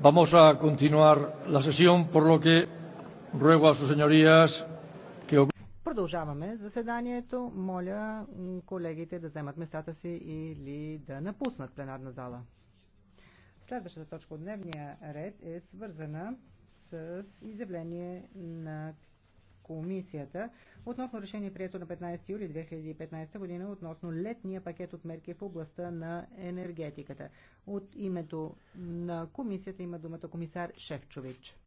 Vamos a continuar la sesión, por lo que ruego a sus señorías Продължаваме заседанието. Моля колегите да вземат местата си или да напуснат пленарна зала. Следващата точка от дневния ред е свързана с изявление на комисията относно решение прието на 15 юли 2015 година относно летния пакет от мерки в областта на енергетиката. От името на комисията има думата комисар Шефчович.